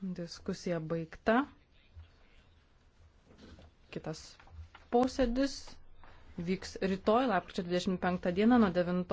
Diskusija baigta. Kitas posėdis vyks rytoj, lapkričio 25 dieną nuo 9.